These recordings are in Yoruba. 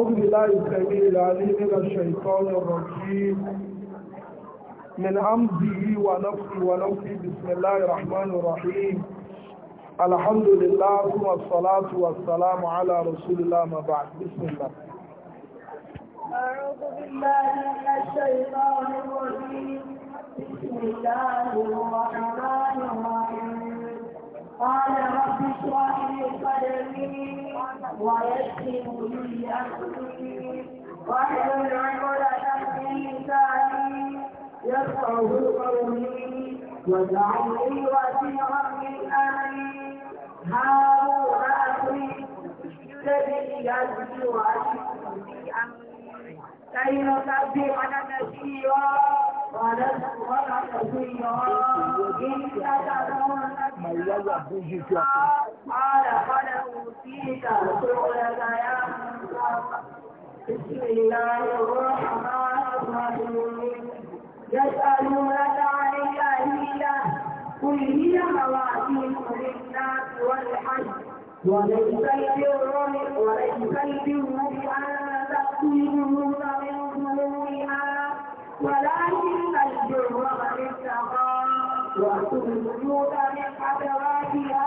أعوذ الله السميع العليم من الشيطان الرجيم من عمده ونفسه ونفسه بسم الله الرحمن الرحيم الحمد لله ثم الصلاة والسلام على رسول الله ما بعد بسم الله أعوذ بالله من الشيطان الرجيم بسم الله الرحمن الرحيم قال رب اشرح لي صدري ويسر لي امري واحلل عقدة من لساني يفقه قولي واجعل لي وزيرا من امري هارون اخي الذي يزكي واشرك في امري كي نصدقنا كثيرا من يلا بوجي في قال قد اوتيت سؤلك يا بسم الله الرحمن الرحيم يسألونك عن الأهلة قل هي مواقيت للناس والحج وليس البر وليس البر بأن تأتي من البيوت من حضراتها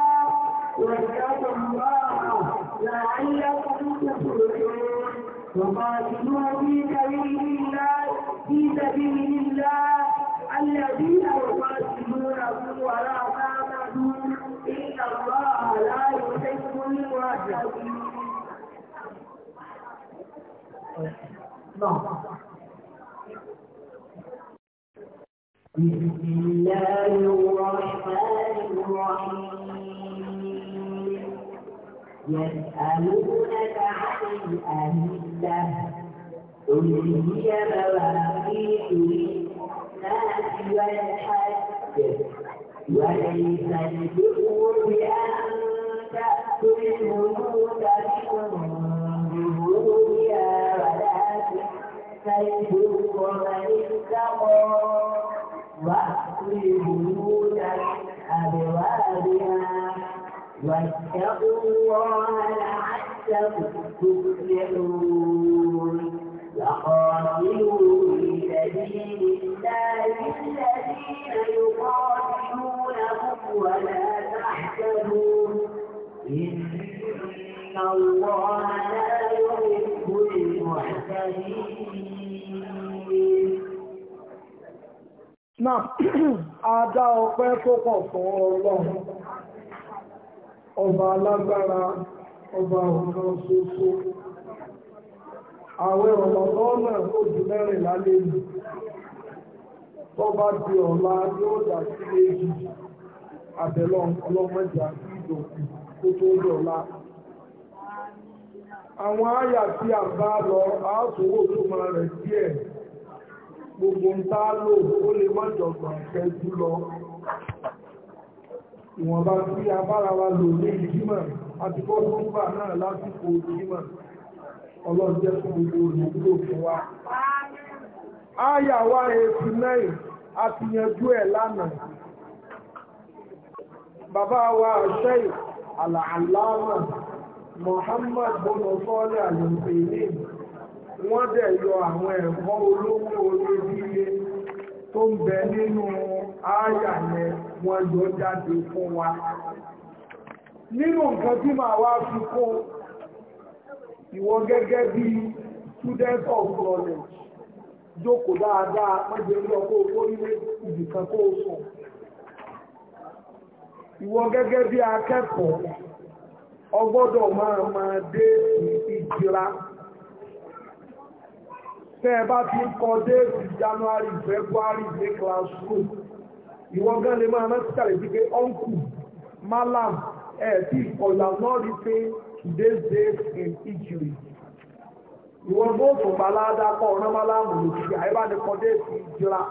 واتقوا الله لعلكم تفلحون وقاتلوا في سبيل الله في سبيل الله الذين يقاتلونكم ولا تعتدون ان الله لا يحب المعتدين. نعم. بسم الله الرحمن الرحيم يسألونك عن الأهلة قل هي مواقيت للناس والحج وليس البر بأن تأتوا البيوت من ظهورها ولكن فالبر من اتقى وأقري بيوتا أبوابها واتقوا الله لعلكم تفلحون وقاتلوا في سبيل الله الذين يقاتلونكم ولا تحسبوا إن الله لا يحب المحسنين náà adá ọpẹ́ tó pọ̀ fún ọlọ́run ọba alágbára ọba ọ̀kan ṣoṣo àwẹ̀ ọ̀lọ́lọ́nà oṣù mẹ́rin lálẹ́ yìí tó bá di ọ̀la yóò dà sí méjì àbẹ̀lọ́ ọlọ́mọdé àti ìdòkù tó tó di ọ̀la àwọn àyà tí a bá lọ àásòwò tó máa rẹ̀ díẹ̀ gbogbo ń bá lò ó lè mọ́jọ̀gbà ìfẹ́jú lọ ìwọ̀nba tí a bára wa lò ní ìjímọ̀ àti náà lásìkò ìjímọ̀ fún gbogbo fún wa. mẹ́rin a ti yanjú ẹ̀ lánàá. Bàbá wa ilé wọ́n dẹ̀ yọ àwọn ẹ̀kọ́ olówó orílẹ̀-èdè tó ń bẹ nínú ááyà yẹn wọ́n yọ jáde fún wa nínú nǹkan tí màá wá fi kún ìwọ gẹ́gẹ́ bí student of college jókòó dáadáa mọ́jẹ́ ní ọkọ̀ orílẹ̀ ìdìkan kó sùn ìwọ gẹ́gẹ́ bí akẹ́kọ̀ọ́ ọgbọ́dọ̀ máa máa dé ìjìra tẹ́ ẹ bá ti kọ déètì January February ní classroom ìwọ gan lè máa rántí kàlẹ́ sí pé uncle malam ẹ̀ tí ìkọlà náà rí pé today's date in Italy ìwọ gbóòtò balada kọ ọ̀nà malamu lòdì àyíbáni kọ déètì ìjìlá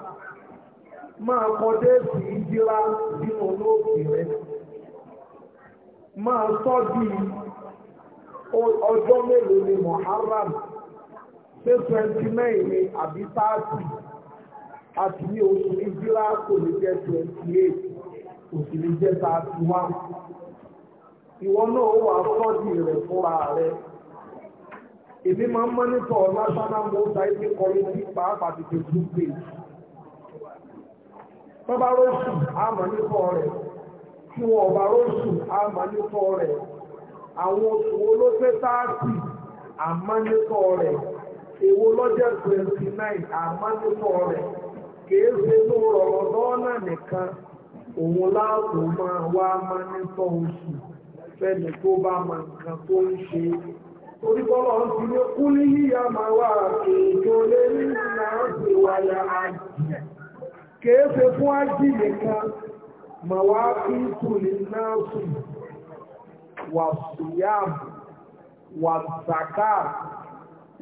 máa kọ déètì ìjìlá sínú olóògbé rẹ máa sọ di ọjọ́ mélòó ni Muharram pé twenty nine ni àbí thirty àti ní oṣù ìjírá kò ní jẹ́ twenty eight kò ní thirty one ìwọ náà ó wà fọ́ọ̀dì rẹ̀ fúnra rẹ̀ èmi máa ń mọ́nítọ̀ national mosaic committee pàápàá ti facebook page tọ́ba róṣù á mọ́nítọ̀ rẹ̀ tí wọ́n ọba èwo lọ́jọ́ 29 nine àmọ́ nínú rẹ̀ n'ụlọ ṣe tó rọrọ̀ lọ́nà nìkan òun láàbò máa wá máa oṣù fẹ́ni tó bá ma nǹkan tó ń ṣe torí bọ́lá ń fi ní yíya máa wà ètò lé nínú náà ṣe wáyà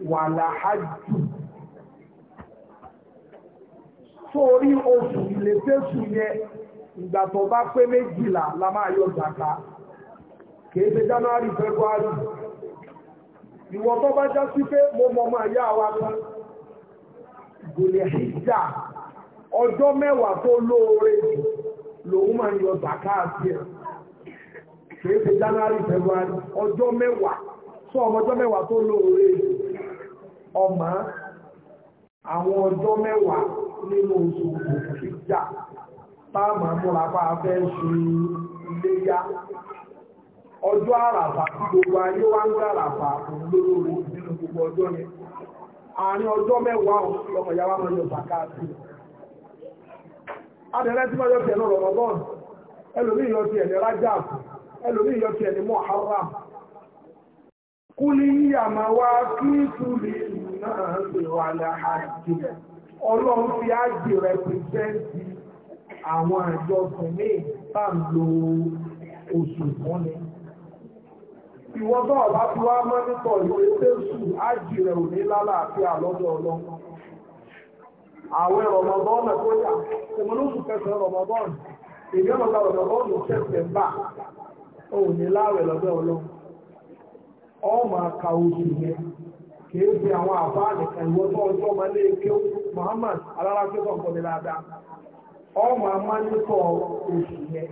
wàláhájù sórí oṣù ìlẹ́sẹ̀sù yẹ ìgbà tó bá pé méjìlá la máa yọ zàká kìí ṣe january february ìwọ̀n tó bá já sí pé mo mọ̀ máa yá wa kan gòlè ọjọ́ mẹ́wàá tó lóore lòun máa yọ ẹ̀ kìí ṣe sọ ọmọ ọjọ́ mẹ́wàá tó lóore jù ọmọ àwọn ọjọ́ mẹ́wàá nínú oṣù òfìjà táàmù àmúrapá fẹ́ ṣe iléyá ọjọ́ àràfà tí gbogbo ayé wá ń gbàràfà òun lórí nínú gbogbo ọjọ́ yẹn àárín ọjọ́ mẹ́wàá ọmọ adẹ̀rẹ́ tí wọ́n yọ yọ tiẹ̀ ní yọ tiẹ̀ ní yíyà máa náà lè wà láàájì ọlọ́run fi ájì rẹpìsẹ́ntì àwọn àjọsìn ní ìbá lo oṣù fún ni ìwọ́n tó ọ̀bá tí wá mọ́ nítọ̀ ìwé tẹ́sù ájì rẹ̀ ò ní lálàáfíà lọ́dọ̀ ọlọ́run àwẹ̀ rọ̀mọ̀bọ́ọ̀nà tó yà ìmọ̀lóṣù kẹsàn-án rọ̀mọ̀bọ́ọ̀nà èyí ọ̀nà ta rọ̀mọ̀bọ́ọ̀nà sẹ́pẹ̀mbà ò ní láwẹ̀ lọ́dọ̀ ọlọ́run ọmọ àkàwòsù yẹn kìí ṣe àwọn àfáà nìkan ìwọ tó ọjọ́ ọmọ ilé Muhammad alára tó tọ̀ nǹkan níláàdá ọmọ amánítọ̀ oṣù yẹn.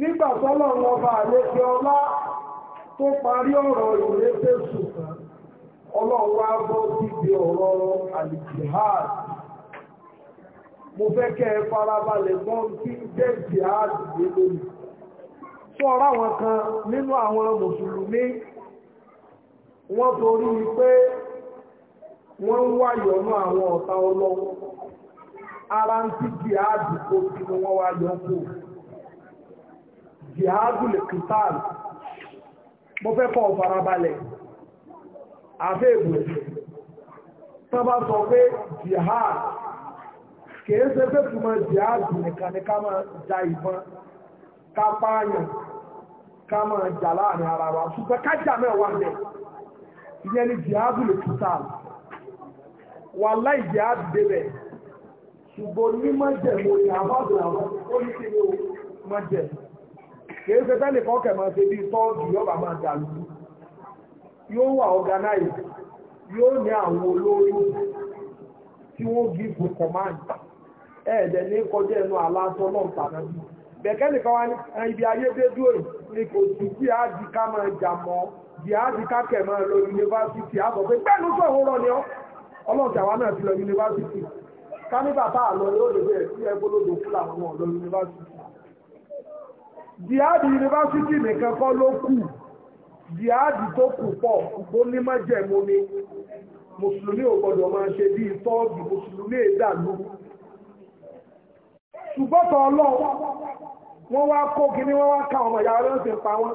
nígbà tọ́lọ̀ wọn bá ọlá tó parí ọ̀rọ̀ ìwé fèsù kan ọlọ́run bọ́ síbi ọ̀rọ̀ mo jihad àwọn kan nínú àwọn wọ́n torí pé wọ́n ń wáyọ̀ mọ́ àwọn ọ̀tá ọlọ́wọ́ ara ń tí jihadu kó sí ni wọ́n wáyọ̀ kó jihadu lè kìtàl mo fẹ́ kọ́ farabalẹ̀ àfẹ́ ìbùrẹ̀ sábà sọ pé jihad kìí ṣe pé túmọ̀ jihadu nìkan ni ká máa ja ìbọn ká pààyàn ká máa jà láàrin ara wa ṣùgbọ́n ká jà mẹ́wàá bẹ́ẹ̀ ìyẹn ni jihadu lè kúta wà láì jihadu débẹ̀ ṣùgbọ́n ní májẹ̀mú ni àbábọ̀ àwọn ó ní kí ni ó májẹ̀mú kìí ṣe tẹ́lẹ̀ kan kẹ̀ máa ṣe bí tọ́ọ̀dù yọba máa dàlú yóò wà organize yóò ní àwọn olórí tí wọ́n give command ẹ̀ẹ́dẹ̀ ní kọjá ẹnu aláṣọ náà tàbí bẹ̀kẹ́ nìkan wá ibi ayé dé dúró ní kò sí sí àdìká máa jà mọ́ jihadi kákẹ̀ máa lọ yunifásitì àbọ̀ pé pẹ́lú sọ̀rọ̀ ni ọ́ ọlọ́ọ̀tì àwa náà ti lọ yunifásitì ká ní bàbá àlọ́ yóò lè bẹ̀rẹ̀ sí ẹgbólógbò fúlàwọn ọ̀lọ́ yunifásitì jihadi yunifásitì nìkan kọ́ ló kù jihadi tó kù pọ̀ gbó ní májẹ̀mú ni mùsùlùmí ò gbọ́dọ̀ máa ṣe bí tọ́ọ̀gì mùsùlùmí èdàlú ṣùgbọ́tọ̀ ọlọ́run wọ́n wá kó kíní wọ́n wá ká ọmọ ìyá ọlọ́sìn pa wọ́n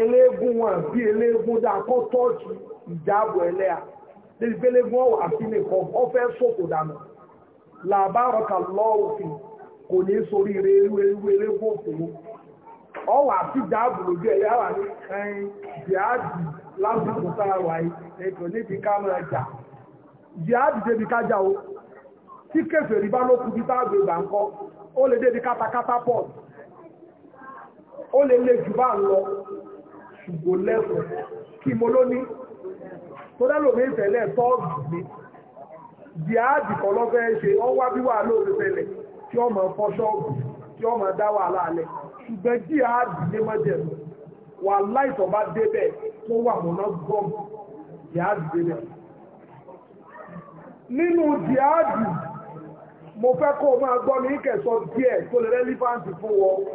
eléégún wọn bí eléégún dá kọ́ tọ́ọ̀tù ìjáàbò ẹlẹ́à débi pé eléégún ọ̀wà sí nìkan ọ fẹ́ sòkò dànù làbárọ̀ kà lọ́ òfin kò ní sórí ire irú irú eléégún òfin ọ̀wà sí ìjáàbò lójú ẹ̀yà wà ní ẹ̀yìn jíáàdì lásìkò sára wà yìí ẹ̀kọ́ níbi ká máa jà jíáàdì débi ká jà o tí kèfèrí bá ló kú bí bá gbé gbàǹkọ́ ó lè débi kátakátá pọ̀ ó lè le jù bá ń lọ ṣùgbọ́ lẹ́kùn kí mo ló ní tó ìfẹ̀lẹ̀ tọ́ọ̀gì mi jihadi kan lọ ṣe ọwá bí wàhálà òfẹ́fẹ́lẹ̀ tí ọmọ fọ́ ṣọ́ọ̀bù tí ọmọ dá wàhálà alẹ́ ṣùgbọ́n jihadi ní mọ́jẹ̀mú wà láìsọ̀ bá débẹ̀ tó wà mọ́ná gbọ́m débẹ̀ nínú mo fẹ́ kó o máa gbọ́ mi díẹ̀ tó fún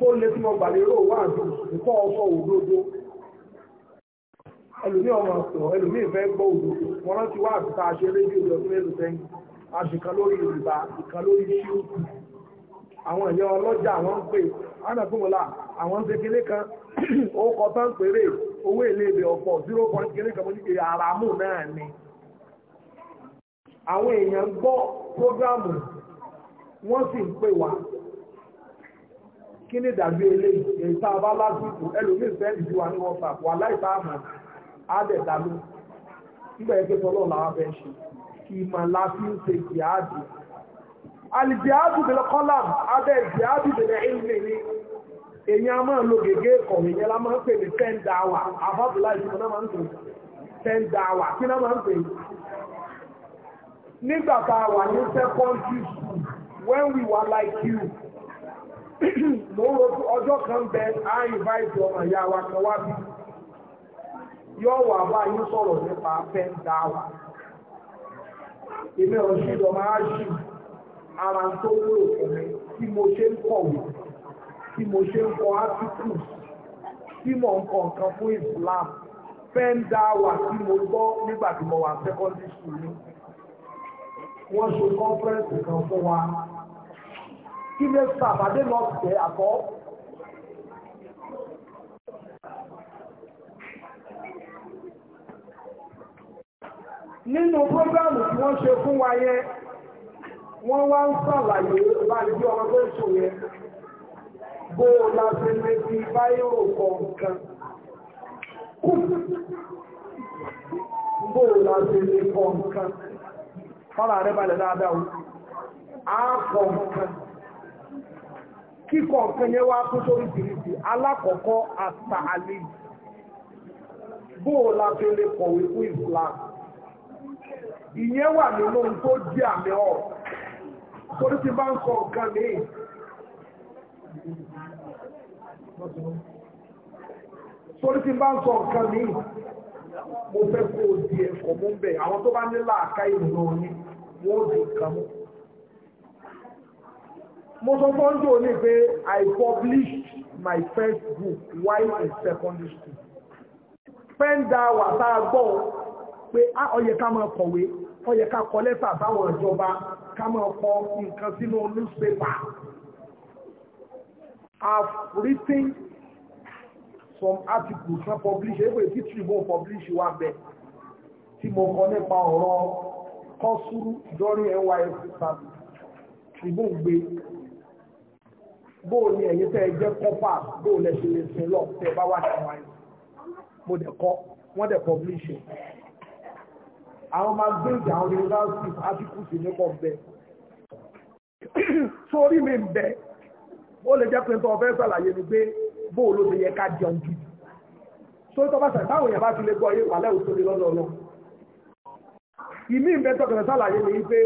tó lé ụwa mo gbà ọkọ wà dùn òdodo ẹlòmí ọmọ ọ̀sọ̀ ẹlòmí ìfẹ́ gbọ́ òdodo wọn rántí wà àti tá a ṣe rédíò lọ́dún mélòó a lórí Yorùbá ìkan lórí ṣíùkù àwọn ìyá ọlọ́jà àwọn ń pè ánàfúnmọ́lá àwọn ṣe kan ó tán péré owó èlé ìbẹ̀ ọ̀pọ̀ kan náà ni àwọn wọ́n sì ń pè kí ni ìdàgbé eléyìí èyí tá a bá lásìkò ẹlòmíì fẹ́ ìdí wa ní whatsapp wà láìpẹ́ àmọ́ àdẹ̀dá ló nígbà yẹn pé tọ́lọ́ làwọn fẹ́ ṣe kì í mà láti ń ṣe jihadi alìjihadi bẹ̀rẹ̀ abẹ́ ni èyí a máa lo gègé la máa ń pè ní ten dawa àfọ́bùlá ìṣúná náà máa ń pè ten dawa kí náà máa ń pè nígbà tá a wà ní mo ń rojú ọjọ́ kan bẹ ààyè báyìí ọmọ ìyá wa kan wá bí yóò wà bá yín sọ̀rọ̀ nípa fẹ́ dá wa èmi ọ̀sìn ọmọ áṣì ara tó wúlò fún mi tí mo ṣe ń kọ̀wé tí mo ṣe ń kọ átíkù tí mo ń kọ nǹkan fún Islam fẹ́ ń dá wà tí mo gbọ́ nígbà tí mo wà secondary school ni wọ́n ṣe conference kan fún wa kí lè fa àbádé lọ tẹ̀ àbọ̀. nínú prógrámù tí wọ́n ṣe fún wa yẹn wọ́n wá ń sàlàyé báyìí bí ọmọ tó ń sọ yẹn bó o la ṣe lè fi báyìí kọ̀ọ̀kan kú bó o la ṣe lè kọ̀ọ̀kan fọ́nà rẹ̀ balẹ̀ dáadáa o á kọ̀ọ̀kan kíkọ̀ nǹkan yẹn wá tó sórí tìrìtì alákọ̀ọ́kọ́ àtàlẹ́ bóò la fi lè kọ̀wé fún Islam ìyẹn wà nínú tó jẹ́ àmì ọ̀ torí ti bá ń sọ nǹkan ní torí ti bá ń sọ nǹkan ní mo fẹ́ kó o di ẹ̀kọ́ mú bẹ̀ àwọn tó bá ní làákà ìrìnà ní wọ́n ò di nǹkan mú mo sọ fọ́ńdò ní pé I published my first book while in secondary school pẹ́ńdà wà tá a gbọ́ pé ó yẹ ká máa kọ̀wé ó yẹ ká kọ lẹ́tà sáwọn ìjọba ká máa kọ nǹkan sínú newspaper I've written some articles na publish ebe tí tribune publish wà bẹ̀ tí mo kọ nípa ọ̀rọ̀ kọ́sùrù during NYSC service tribune gbé bóò ni ẹ̀yin tẹ́ ẹ jẹ́ kọ́fà bóò lẹ ṣe lè sin lọ tẹ́ ẹ bá wà ní wáyé mo dẹ̀ kọ́ wọ́n dẹ̀ publish it àwọn magazine àwọn university articles ní pọ̀ bẹ́ẹ̀ sórí mi ń bẹ ó lè jẹ́ pé tó o fẹ́ ṣàlàyé ni pé bóò ló ti yẹ ká jẹun jù sórí tó bá ṣàlàyé báwo yẹn bá ti lè gbọ́ yé wàhálà òṣèlú lọ́dọ̀ lọ ìmí ń bẹ tọkẹ̀rẹ̀ ṣàlàyé ni pé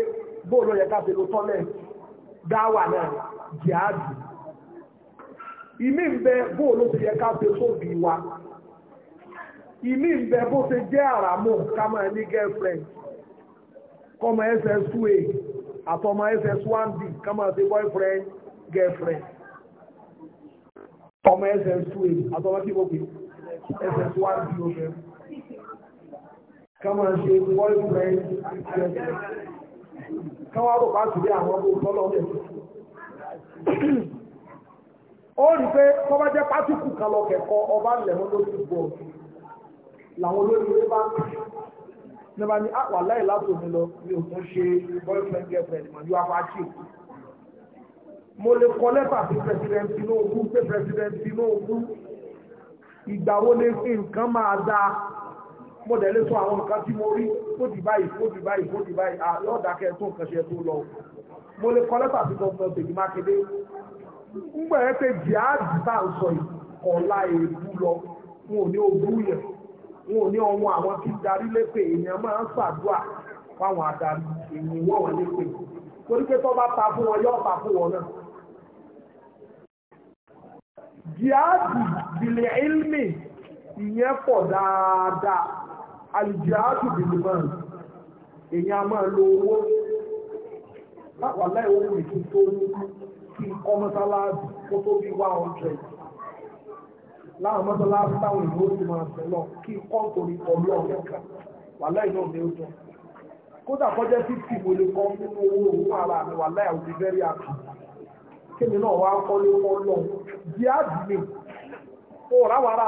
bóò ló yẹ ká tọ́lẹ̀ dáwà náà jẹ́ ìmí ń bẹ bó ló ti yẹ ká ṣe sóbì wa ìmí ń bẹ bó ṣe jẹ́ àràmù ká máa ní girlfriend kọ́mọ ss2a àtọmọ ss1b ká máa ṣe boyfriend girlfriend ọmọ ss2a àtọmọ kí mo pè ss1b obìnrin ká máa ṣe boyfriend girlfriend káwá rò bá ti rí àwọn ọmọ òṣèlú ọmọ ẹ̀sìn ó rí pé tó bá jẹ́ pátíkù kan lọ kẹ̀kọ́ ọba lẹ̀mọ́ lórí ìbò làwọn olórí rẹ bá ní bá ah, ní wà láì látò mi lọ mi ò tún ṣe boyfriend girlfriend mọ̀ yóò apáṣẹ. mo lè kọ lẹ́tà sí president Tinubu pé president Tinubu ìgbà wo lè fi nǹkan máa dáa mo dẹ̀ lè sọ àwọn nǹkan tí mo rí kó di báyìí kó di báyìí kó di báyìí àlọ́ọ̀dà ah, kẹ́ẹ̀tún nǹkan ṣe tó lọ. mo lè kọ lẹ́tà sí gọ́ọ̀mù Ṣèyí Mákindé ń gbẹ̀rẹ́ pé jihadi bá ń sọ ọ̀la èébú lọ wọn ò ní ogún yẹn wọn ò ní ọwọ́n àwọn tí darí lépè èèyàn máa ń ṣàdúrà fáwọn adarí èèyàn wọ́n wọn lépè torí pé tó bá ta fún wọn yóò ta fún wọn náà. jihadi bìlẹ̀ ilmi ìyẹn pọ̀ dáadáa alìjihadi bìlẹ̀ mọ́n èèyàn máa lo owó láwàlá ìwọ́n mi tó tó kí n kọ́ mọ́sálásí kó tó bí one hundred láwọn mọ́sálásí táwọn ìlú ó kí n kọ́ nítorí ọlọ́ ọ̀kẹ́kẹ́ wàláì náà ni ó dùn kódà kọjá fífì mo lè ara mi wàláì very náà wá bí á dì mí ó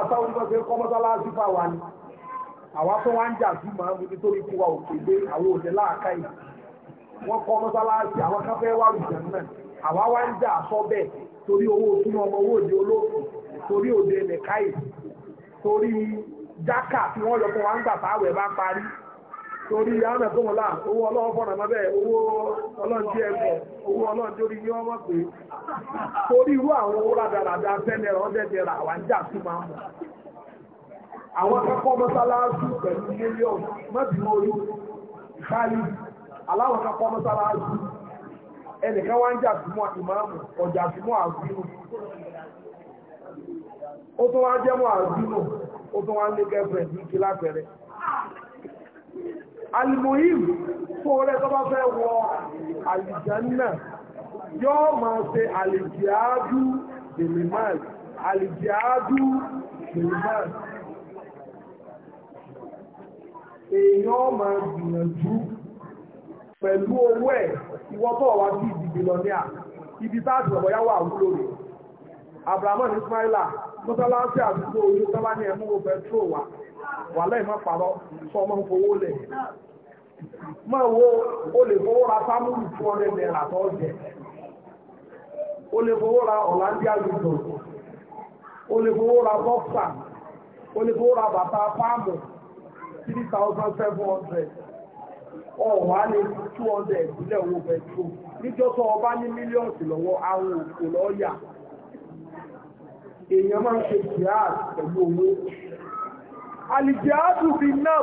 nígbà kọ́ mọ́sálásí ni àwa tó wá ń jà sí màá nítorí kí wa ò pè dé àwa wá ń jà torí owó túnmọ̀ ọmọ owó òde olóòkú torí òde nìkáì torí jákà tí wọ́n yọ fún wa ń gbà táwẹ̀ bá parí torí àmì tó owó ọlọ́wọ́ fọ́nà mọ́ owó ọlọ́ọ̀dí ẹ̀kọ́ owó ọlọ́ọ̀dí orí ní ọmọ pé torí irú àwọn owó rádaràdà fẹ́nẹ̀rọ ọ̀dẹ́dẹ̀rà àwọn jà sí máa àwọn olú aláwọn ẹnìkan wá ń jà símọ́ ìmáàmù ọjà símọ́ àbínú ó tún wá jẹ́mọ́ àbínú ó tún wá ń lé gẹ́fẹ̀ ní kí lápẹẹrẹ alimoyim tó rẹ tó bá fẹ́ wọ àlìjánná yóò máa ṣe àlìjíájú bèlèmáì àlìjíájú bèlèmáì èèyàn máa gbìyànjú pẹ̀lú owó ẹ̀ ìwọ́tọ̀ wá sí ìdìbì lọ ní à ibi táàtì ọ̀bọ̀ yáwó àwúlò rẹ̀ abrahamu ní ismaila mọ́sálásí àdúgbò orí tọ́lá ní ẹ̀mú pẹtrol wà wà lẹ́ẹ̀mọ́ pàrọ̀ sọ ọmọ fowó lẹ̀ máa wo o lè fowó ra sámúlù two hundred naira tó jẹ o lè fowó ra ọ̀làndíà lùdò o lè fowó ra bọ́ksà o lè fowó ra bàtà páàmù three thousand seven hundred ọ̀wá lè fi two hundred ìpínlẹ̀ owó bẹ̀tú ọba ní mílíọ̀nù lọ́wọ́ àwọn òkú lọ́ọ̀yà èèyàn máa ń ṣe jihad pẹ̀lú owó alìjihadu fi náà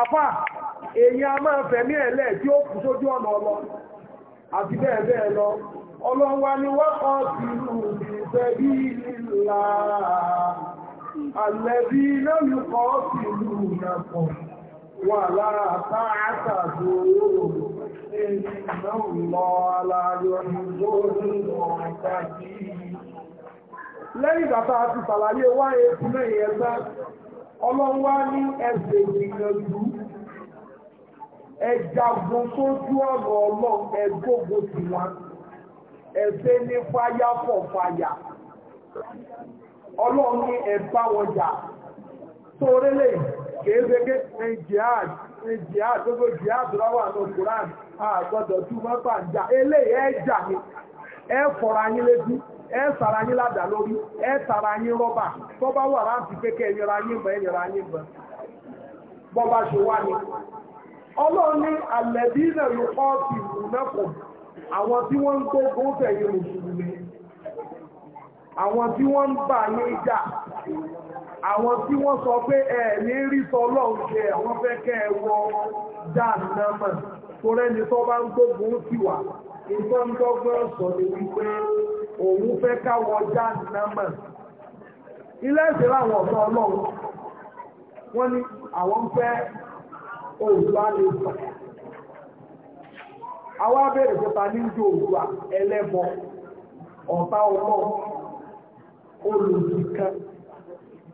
àfà èèyàn máa fẹ̀mí ẹ̀lẹ́ tí ó kù sójú ọ̀nà ọlọ àti bẹ́ẹ̀ bẹ́ẹ̀ lọ ọlọ́wà ni wọ́n kọ́ sí àlẹ́bí náà kọ́ sí ولا تعتدوا lẹ́yìn wá náà yẹn tán ní ẹsẹ̀ ìgbìyànjú ẹ̀jàgbọ́n sójú ọ̀nà ọlọ́run ẹgbógun sí wọn ẹ̀fẹ́ ní fáyà fáyà ní ẹ̀bá kéèkéé ní jihad ní jihad gbogbo jihad lọ́wọ́ àwọn Quran àgbọ́dọ̀ tú mọ́pà ń jà eléyìí ẹ jà ní ẹ fọ̀rọ̀ ayín létí ẹ sàrà ayín ládàá lórí ẹ tàrà ayín rọ́bà tó bá wà láti kéèkéé ẹ̀yọ̀rọ̀ ayín bọ̀ ẹ̀yọ̀rọ̀ ayín bọ̀ bọ́bá ṣe wá ní ọlọ́run ní àlẹ́bí ilẹ̀ lùkọ́ ti wù mẹ́fọ̀ àwọn tí wọ́n ń tó gómìnà yìí mùsùlùmí àwọn tí wọ́n ń àwọn tí wọ́n sọ pé ẹ ní rí tọ́lọ́run jẹ àwọn fẹ́ kẹ́ ẹ wọ dáàmà tó rẹ́ni tó bá ń gbógun ti wà ìtọ́ńdọ́gbọ́n sọ ni wípé òun fẹ́ káwọ dáàmà ilé ẹ̀sẹ̀ láwọn ọ̀tọ́ ọlọ́run wọ́n ní àwọn abẹ́rẹ̀ pẹ́ta ní ìjọ òòlùwà ẹlẹ́bọ ọ̀tá ọlọ́run olùdíkan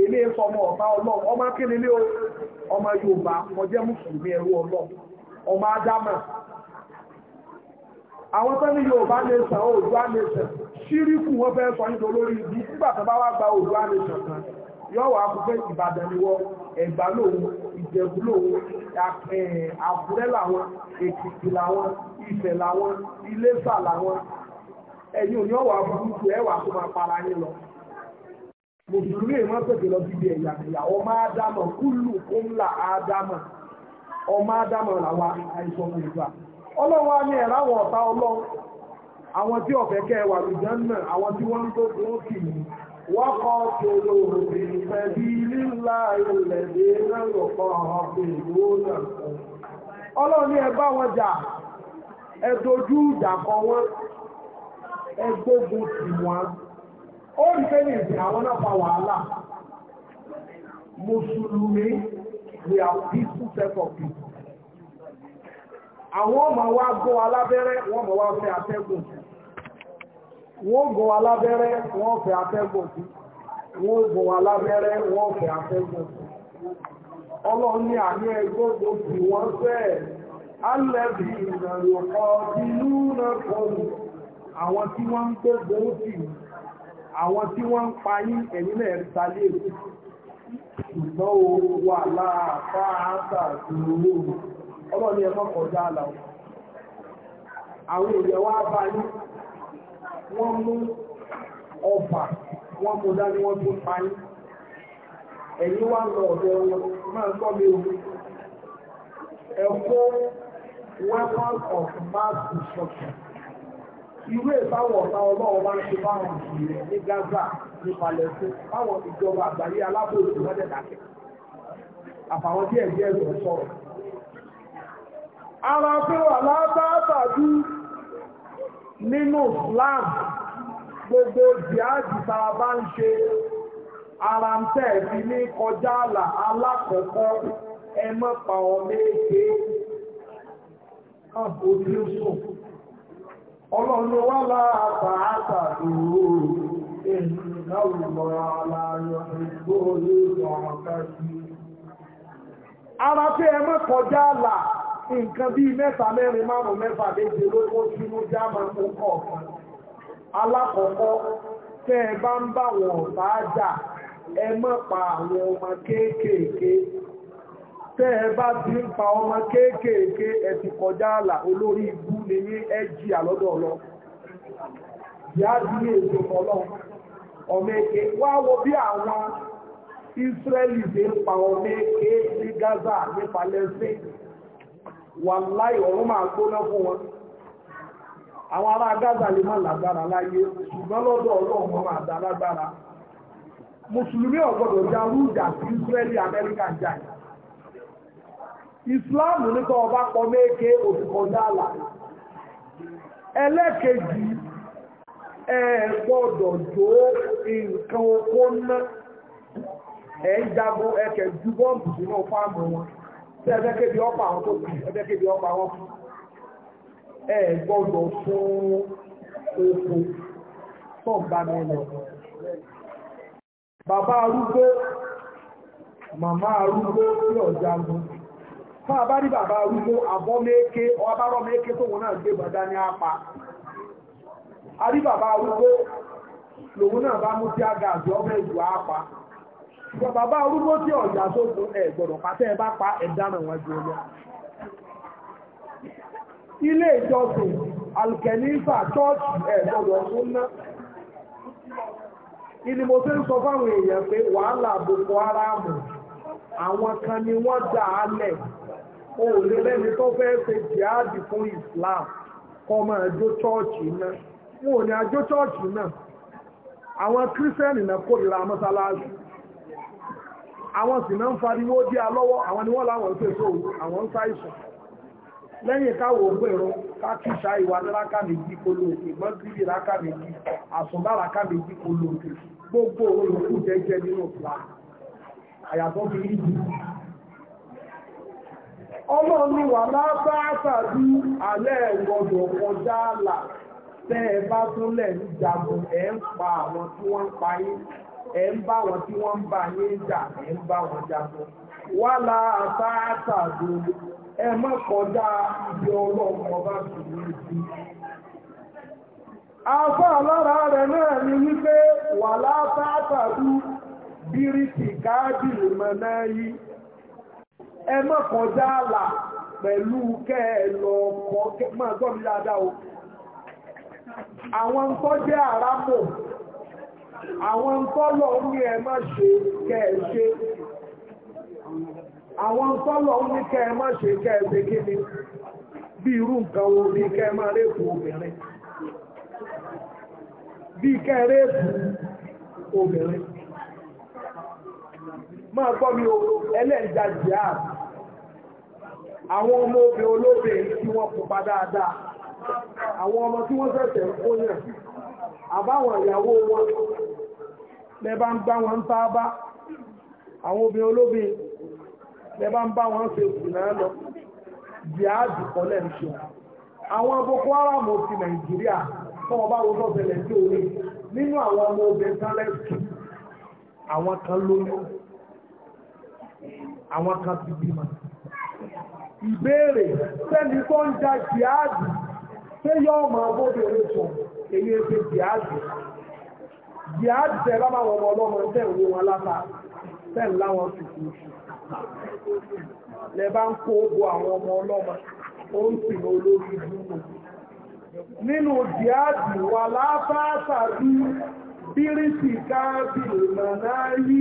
èmi ń fọmọ ọba ọlọ́run ọmọ akínilé ọmọ yorùbá mo jẹ́ mùsùlùmí ẹrú ọlọ́run ọmọ ádámà àwọn tó ní yorùbá nation oòdùá nation ṣíríkù wọn fẹ́ sọ nítorí olórí ibi nígbà tó bá wá gba oòdùá nation kan yóò wá fún pé ìbàdàn ni wọ́n ẹ̀gbá lòun ìjẹ̀bú lòun àkúrẹ́ làwọn èkìtì làwọn ifẹ̀ làwọn iléṣà làwọn ẹ̀yin ò ní ọ̀wà burúkú ẹ̀wà tó máa para yín lọ mùsùlùmí èèmọ́ pèsè lọ síbi ẹ̀yà ẹ̀yà ọmọ ádámọ̀ kúlù kúnlà ádámọ̀ ọmọ ádámọ̀ làwa àìsàn ìgbà ọlọ́wọ́ ní ẹ̀rọ àwọn ọ̀tá ọlọ́run àwọn tí ọ̀fẹ́ kẹ́ wà àwọn tí wọ́n ń tó tó kì í wọ́n kọ́ tòlò ìfẹ́ bí kọ O rí fẹ́lẹ̀ ìdí àwọn náà fa wàhálà mùsùlùmí we are peaceful set of people àwọn ọmọ wa gọ́ alábẹ́rẹ́ wọ́n mọ̀ wá fẹ́ atẹ́gùn wọ́n gọ́ alábẹ́rẹ́ wọ́n fẹ́ atẹ́gùn sí wọ́n gọ́ alábẹ́rẹ́ wọ́n fẹ́ atẹ́gùn sí ọlọ́run ní àmì wọ́n fẹ́ àwọn tí wọ́n ń pa yín ẹ̀yìn náà rí ta lé èkó ṣùgbọ́n o wà láàfá áńsà ìròyìn ọlọ́ni ẹ̀mọ́ kọjá àlà àwọn èèyàn wá bá yín wọ́n mú ọfà wọ́n mú dání wọ́n tún pa yín ẹ̀yìn wá lọ ọ̀dọ̀ wọn máa ń gbọ́ mi ẹ̀kọ́ weapons of mass destruction ìwé ìbáwọ̀ ọ̀tá ọlọ́wọ́ bá ń ṣe báwọn ìṣẹ̀lẹ̀ ní Gaza ní Palestine báwọn ìjọba àgbáyé alábòsí lọ́dẹ̀ dákẹ́ àfàwọn díẹ̀ díẹ̀ lọ sọ̀rọ̀. ara pé wà látàtàdú nínú Islam gbogbo jihadi tá a bá ń ṣe ara ń tẹ̀ fi ní kọjá àlà alákọ̀ọ́kọ́ ẹ mọ́ pa ọmọ èké kan kò sùn ọlọ́run wá láàpá àtàdúró ìrìnà ọ̀rọ̀ aláyọ̀ ìgbó orí ọ̀rọ̀ kẹsì. ara pé ẹ mọ́ kọjá àlà nǹkan bíi mẹ́ta mẹ́rin márùn-ún mẹ́fà méje ló kó sínú jáàmù tó kọ̀ọ̀kan alákọ̀ọ́kọ́ tẹ́ bá ń bá wọn ọ̀tá jà ẹ mọ́ pa àwọn ọmọ kéékèèké tẹ́ ẹ bá ti ń pa ọmọ kéékèèké ẹ kọjá àlà olórí ibú ni ní ẹjì àlọ́dọ̀ ọlọ́ yáàdì èso ọmọ èké wá wo bí àwọn Ísírẹ́lì ti ń pa ọmọ èké ní Gaza ní Palẹ́sìn wà gbóná fún wọn àwọn ará Gaza lè má lágbára láyé ṣùgbọ́n lọ́dọ̀ ọlọ́run wọn máa dá lágbára mùsùlùmí ọ̀gbọ́dọ̀ rúdà sí Ísírẹ́lì Amẹ́ríkà ìsìláàmù nípa ọba pọ̀ méèké òfìkọ̀dáàlà ẹlẹ́kejì ẹ gbọ́dọ̀ jó nǹkan oko ná ẹ̀ ń jago ẹkẹ̀ ju bọ́ǹbù sínú fáàmù wọn tí ẹgbẹ́kejì ọ̀pá àwọn tó kù ẹgbẹ́kejì ọ̀pá wọn kù ẹ gbọ́dọ̀ fún oko tó ń bá mi lọ bàbá arúgbó màmá arúgbó tí ọ̀jagun fún àbárí bàbá arúgbó àbọ́ méèké tó wọn náà gbé bàdá ní apá rí bàbá arúgbó lòun náà bá mú sí aga àjọ ìlú apá bàbá arúgbó tí ọ̀yà tó fún ẹ̀ pàtẹ́ ẹ bá pa ẹ̀dánà wọn jù lọ ilé ìjọsìn alkenifa chọ́ọ̀tì ẹ fún ná ìní mo fẹ́ sọ fáwọn èèyàn pé wàhálà o ò lè lẹ́ni tó fẹ́ ṣe jihadi fún Islam kọ́ máa jó chọ́ọ̀chì náà wọn ò ní ajó chọ́ọ̀chì náà àwọn kírísítẹ́nì náà kórìíra mọ́sálásí àwọn sì náà ń fariwo dí a lọ́wọ́ àwọn ni wọ́n láwọn ń pèsè òru àwọn ń ṣàìsàn lẹ́yìn káwọ̀ ògbó ẹ̀rọ kákìsà ìwà ráká méjì kolo òkè mọ́gírì ráká méjì àsùnbà ráká méjì kolo òkè gbogbo olùkú jẹ́jẹ́ nínú ìlànà àyàtọ̀ fi rí jù ọlọ́run ni wà máa bá tàbí alẹ́ ẹ̀gbọ́dọ̀ kọjá àlà tẹ́ ẹ bá túnlẹ̀ ní jagun ẹ̀ ń pa àwọn tí wọ́n ń pa yín ẹ̀ ń bá wọn tí wọ́n ń bá yín jà ẹ̀ ń bá wọn jagun wà láà bá tàbí ẹ má kọjá ibi ọlọ́run ọba tòun ní afọ́ alára rẹ̀ náà ni wípé wà láà bá bíríkì káàdì ìmọ̀ náà yìí ẹ kọjá àlà pẹ̀lú kẹ́ lọ ọkọ̀ máa mi dáadáa o àwọn nǹkan jẹ́ àrámò àwọn nǹkan lọ ní ẹ má ṣe kẹ́ ṣe àwọn nǹkan lọ ní kẹ́ má ṣe kẹ́ bí irú nǹkan wo máa gbọ́ mi o ẹlẹ́ǹda jihad àwọn ọmọ obìnrin olóbìn tí wọ́n pupa dáadáa àwọn ọmọ tí wọ́n ṣẹ̀ṣẹ̀ ń kóyàn àbáwọn ìyàwó wọn lẹ́bá ń bá wọn sáábá àwọn obìnrin olóbìn lẹ́bá ń bá wọn ṣe ìsìnà lọ jihad kọ́lẹ̀ ń ṣe àwọn Boko Haram ti Nàìjíríà fún ọba wo sọ́sẹ̀lẹ̀ sí orí nínú àwọn ọmọ obìnrin tálẹ́sì àwọn kan lóyún àwọn kan ti bímọ ìbéèrè sẹ́ni tó ń ja jihadi ṣé yọ ọmọ abóbìnrin sùn èyí ṣe jihadi jihadi tẹ bá máa wọ ọmọ ọlọ́mọ tẹ̀ ń wo wọn láta tẹ̀ ń láwọn tuntun lẹ bá ń kó ogun àwọn ọmọ ọlọ́mọ ó ń sì ní olórí ìdúró nínú jihadi wà láfáàsà bí bírísì káàbì mọ̀náyí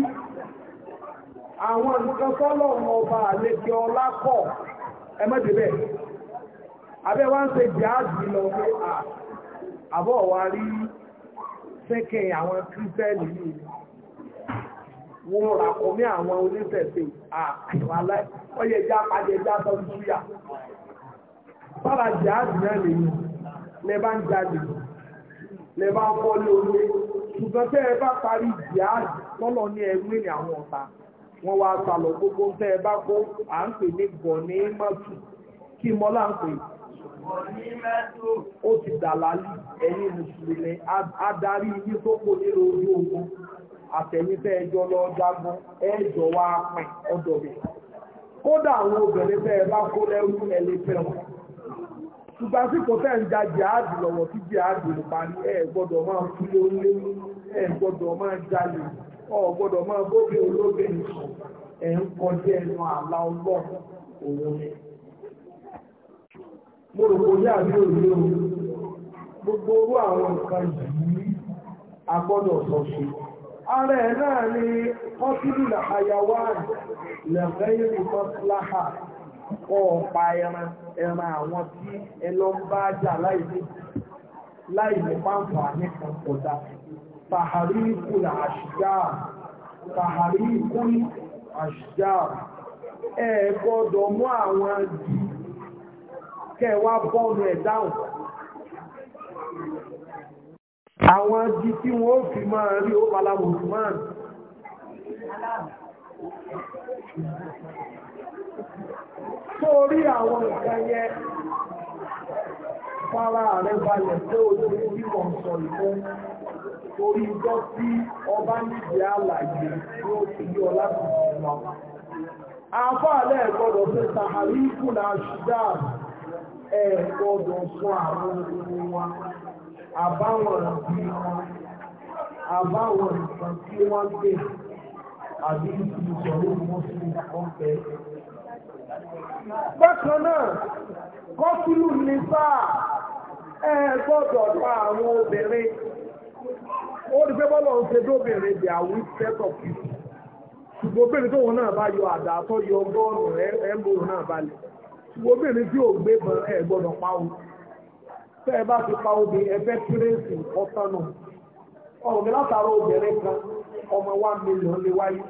àwọn nǹkan sọ́lọ̀ ọba àlejò ọlá kọ̀ ẹ mọ́débẹ̀ abẹ́ wá ń ṣe jáàzì lọ pé àbọ̀ wa rí sẹ́kẹ̀ àwọn kírísẹ́lì yìí wọ́n rà kọ́ ní àwọn onífẹ̀ẹ́sẹ̀ àwọn alẹ́ ọyẹjá pàjẹjá tó ń túyà sára jáàzì náà lèyìn lẹ́bá ń jáde lẹ́bá ń kọ́ lé olóyè ṣùgbọ́n tẹ́ ẹ bá parí jáàzì tọ́lọ ní ẹrú ìrìn àwọn ọ̀tá wọ́n wá sálọ gbogbo ń tẹ́ ẹ bá kó à ń pè ní gọ̀ọ́ní mọ́tò kí mọ́lá ń pè ó ti dàlálì ẹ̀yin mùsùlùmí adarí yín tó kò nílò ojú ogun àtẹ̀yìntẹ́ ẹjọ́ lọ jagun ẹjọ́ wa pẹ̀ ọdọ̀ mi kódà àwọn obìnrin tẹ́ ẹ bá kó lẹ́rú ẹlẹ́ fẹ́ wọn ṣùgbọ́n sí kò fẹ́ ń ja jihadi lọ́wọ́ tí jihadi lè parí ẹ gbọ́dọ̀ máa fi lórí ẹ gbọ́dọ̀ máa jalè ọ̀gbọ́dọ̀ máa bóbi olóbi nìkan ẹ̀ ń kọjá ẹnu àlà ọgbọ òun ni. mo rò o gbogbo oru àwọn nǹkan yìí a gbọ́dọ̀ sọ ara ẹ̀ náà ni ayawa làkàyàwá lẹ́fẹ̀ẹ́ ìmọ̀síláhà ọ̀pá ẹran ẹran àwọn tí ẹ lọ ń bá jà láì ní pàǹfà nìkan kò tàhàríkù àṣìjáà tàhàríkù àṣìjáà ẹ gbọ́dọ̀ mú àwọn igi kẹwàá bọ́ọ̀nù ẹ̀ dáhùn àwọn igi tí wọ́n fi máa rí ó palamùsùmáà Torí àwọn nǹkan yẹn, fara rẹ̀ balẹ̀ pé o ti rí wọ́n sọ ìfún torí ìjọ tí ọba níbi àlàyé ló ti yọ láti ọ̀nà. Àfáàlẹ́ gbọ́dọ̀ fi sàárì ìkùnà ṣùgbà ẹ̀ fún àwọn ohun wa. Àbáwọn bí wọn, àbáwọn nǹkan tí wọ́n gbé àbí ìṣòro mọ́sílì kan fẹ́. Bákan náà, kọ́kúlù ní sáà ẹ̀ pa àwọn obìnrin O rí pé bọ́lọ̀ ń ṣe dóbìnrin dè àwọn ìṣẹ́tọ̀ kì í ṣùgbọ́n náà yọ àdá yọ náà balẹ̀ ṣùgbọ́n tí gbé pa o tẹ́ ẹ bá ti pa obìnrin ẹgbẹ́ pírẹ́sì ọ̀tán náà mi látara obìnrin kan ọmọ wa mílíọ̀n lè wáyé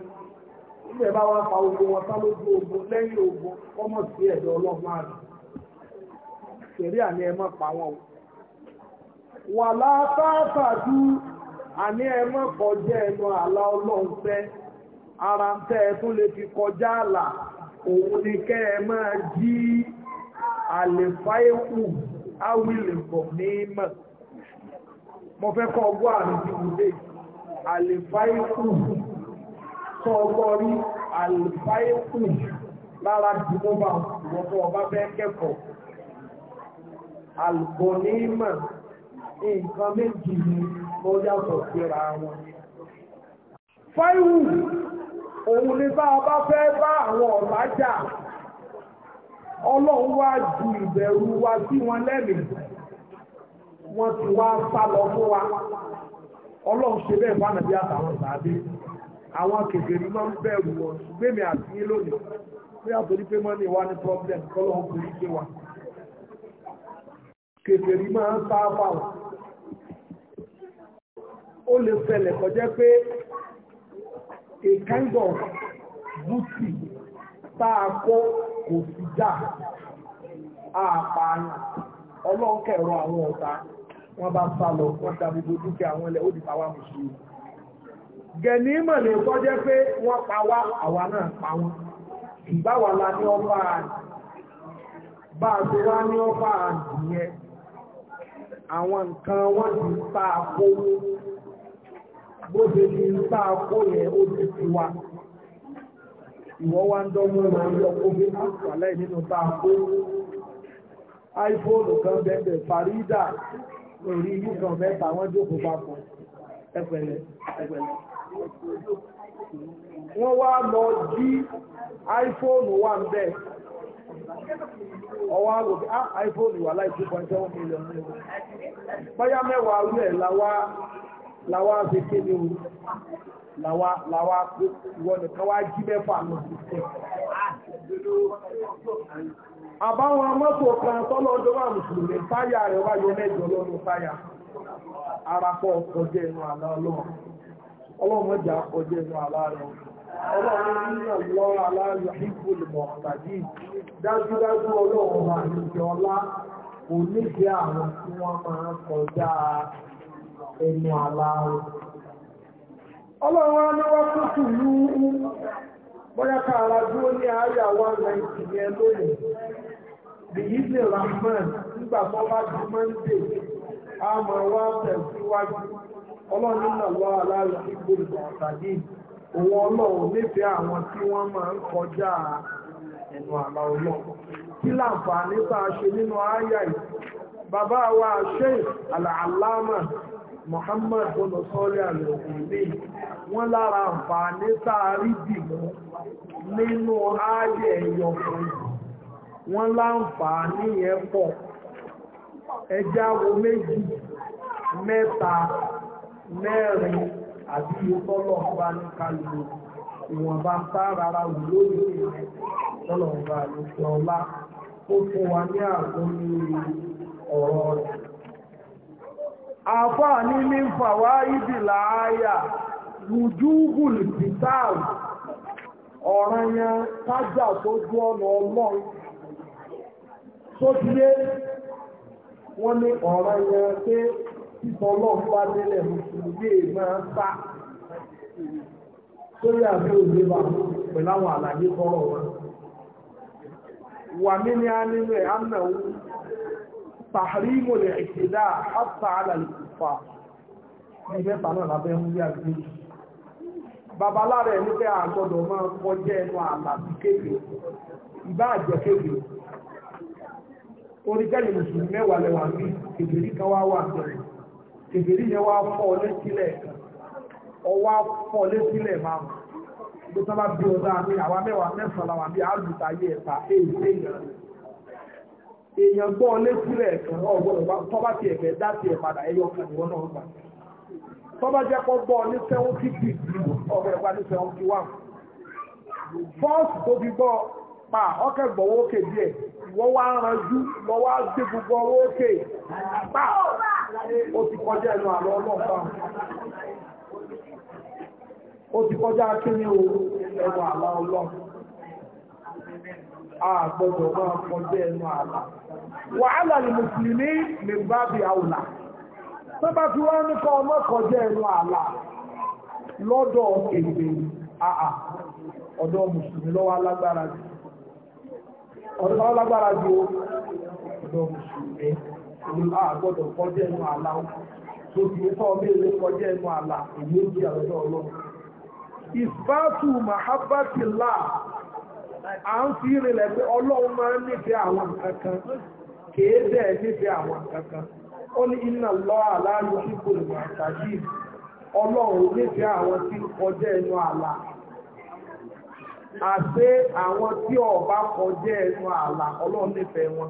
ilé bá wá pa ogun wọn sá lójú ogun lẹ́yìn ogun ọmọ sí ẹ̀dọ̀ ọlọ́run àrùn àní ẹ má kọjá ẹnu àlà ọlọ́run fẹ́ ara ń tẹ́ ẹ tún lè fi kọjá àlà òun ni kẹ́ ẹ máa jí àlèfáìkù áwìlẹ̀kọ̀ ní mọ̀ mo fẹ́ kọ́ ọgbọ́ àrùn ti wùdé àlèfáìkù sọ ọgbọ́ rí àlèfáìkù lára dìbò bá wọ́n ọba fẹ́ kẹ́kọ̀ọ́ àlùkò ní mọ̀ nǹkan méjì ni ló yàtọ̀ síra wọn. fáìwù òun ni bá a bá fẹ́ bá àwọn ọ̀tá jà ọlọ́run wá ju ìbẹ̀rù wa sí wọn lẹ́mìí wọ́n ti wá sá lọ fún wa ọlọ́run ṣe bẹ́ẹ̀ fún ànàbí àtàwọn sàádé àwọn kèfèrí máa ń bẹ̀rù wọn gbèmí àti yín lónìí pé àtòrí pé mọ́ni Wa ní problem kọ́lọ́run kò ní gbé wa kèfèrí máa ń sá fáwọn ó lè fẹlẹ̀ kọjá pé a kind of booty tá a kò sí dà àpààyàn ọlọ́ọ̀kẹ̀rọ àwọn ọ̀tá salọ bá sá lọ wọ́n dàbí bojú kí àwọn ilẹ̀ ó di tàwa mùsùlùmí gẹ̀ẹ́nì mọ̀ lè pé wọ́n pa wá àwa náà pa ìbáwa la ní ọba bá a ti wá ní ọba àwọn nǹkan ti bó ṣe fi ń bá a kó yẹn ó ti ti wa ìwọ wá ń dánwó máa ń lọ kó bí àpàlẹ́ nínú bá a kó iPhone kan bẹ̀bẹ̀ Farida orí ìlú kan mẹ́ta wọ́n jókòó papọ̀ ẹgbẹ̀lẹ̀ ẹgbẹ̀lẹ̀ wọ́n wá lọ jí iPhone wà ń bẹ̀ ọwọ́ àwọ̀ bí ah, iPhone wà láì 2.7 million bóyá mẹ́wàá rú la wá làwa ṣe kéde o làwa làwa wọ́n nìkan wá lọ ṣe. àbáwọn kan tọ́lọ́ ọdún wa mùsùlùmí táyà rẹ̀ wá yọ mẹ́jọ lọ́nu táyà arapọ̀ ọjọ́ ẹnu àlá ọlọ́run ọlọ́run ọjà kọjá ẹnu àlá rẹ̀ ọlọ́run tàbí dájúdájú ọlọ́run ẹnu àlá ọlọ́run á ní wọ́n tún tù ká ara dúró ní àyà àwọn nàìjíríà yẹn lónìí bìyí The rahman nígbà tó bá di mọ́ndé a máa wá tẹ̀síwájú ọlọ́run tí ẹnu kí ṣe nínú àyà bàbá wa ṣe àlàálámà Muhammad bọ́nà sọ́lẹ̀ àlọ́gbẹ̀lẹ́ wọ́n lára àǹfààní sáàrí dìbò nínú ààyè ẹ̀yọ̀kan wọ́n láǹfààní yẹn pọ̀ ẹjá wo méjì mẹ́ta mẹ́rin àti ìtọ́lọ̀ bá ní kálù ìwọ̀nba ń tá rárá wù lórí ìrìn tọ́lọ̀ bá ní ọlá ó fún wa ní ọ̀rọ̀ rẹ̀. akwa ní ní fàwá ìdìlà ayà wùjúbùl pìtàl ọ̀ranyàn tájà tó jú ọ̀nà ọlọ́run tó ti yé wọ́n ní ọ̀ranyàn pé títọ́ ọlọ́run bá délẹ̀ mùsùlùmí máa sá kọrọ àbí òde bá pẹ̀lú àwọn tàhírímù lè ìṣẹ̀dá àpá àlàlùfà ní mẹ́ta náà ń rí àgbé babalára ẹni pé àgbọ̀dọ̀ máa kọjá ẹnu àlà sí kéde ìbá àjẹ́ kéde oríkẹ́lì mùsùlùmí mẹ́wàá lẹ́wà ní kèbèrí kan wá wà bẹ̀rẹ̀ kèbèrí yẹn wá fọ́ ọ létílẹ̀ ọwọ ọ máa gbé sábà bí àmì àwa èèyàn gbọ́ létí rẹ̀ kan ọ̀gbọ́dọ̀ bá ti ẹ̀fẹ́ dá ti ẹ̀ padà ẹyọ kan ìwọ náà gbà tó bá jẹ́ kó gbọ́ ní seventy ní seventy one fọ́ọ̀sì tó fi gbọ́ pa ọkẹ́ gbọ́wọ́ òkè díẹ̀ wá gbé gbogbo pa ó ti kọjá ẹnu àlọ́ ọlọ́pàá ó ti kọjá ẹnu àlọ́ àgbọ̀dọ̀ máa kọjá ẹnu àlà wàhálà ni mùsùlùmí lè bá bí àwùlà tó bá fi wá ní kọ ọmọ kọjá ẹnu àlà lọ́dọ̀ èdè àà ọ̀dọ̀ mùsùlùmí lọ́wọ́ alágbára jù ọ̀dọ̀ alágbára jù ọ̀dọ̀ mùsùlùmí ìlú àgbọ̀dọ̀ kọjá ẹnu àlà tó fi fọ́ ọmọ kọjá ẹnu àlà èyí ó à ń fi ìrìnlẹ̀ pé ọlọ́run máa ń àwọn nǹkan kan kìí bẹ́ẹ̀ àwọn nǹkan ó ní iná lọ aláàlú tí kò lè wà tàbí ọlọ́run nífẹ́ àwọn tí kọjá ẹnu àlà àti àwọn tí ọba kọjá ẹnu àlà ọlọ́run nífẹ̀ẹ́ wọn.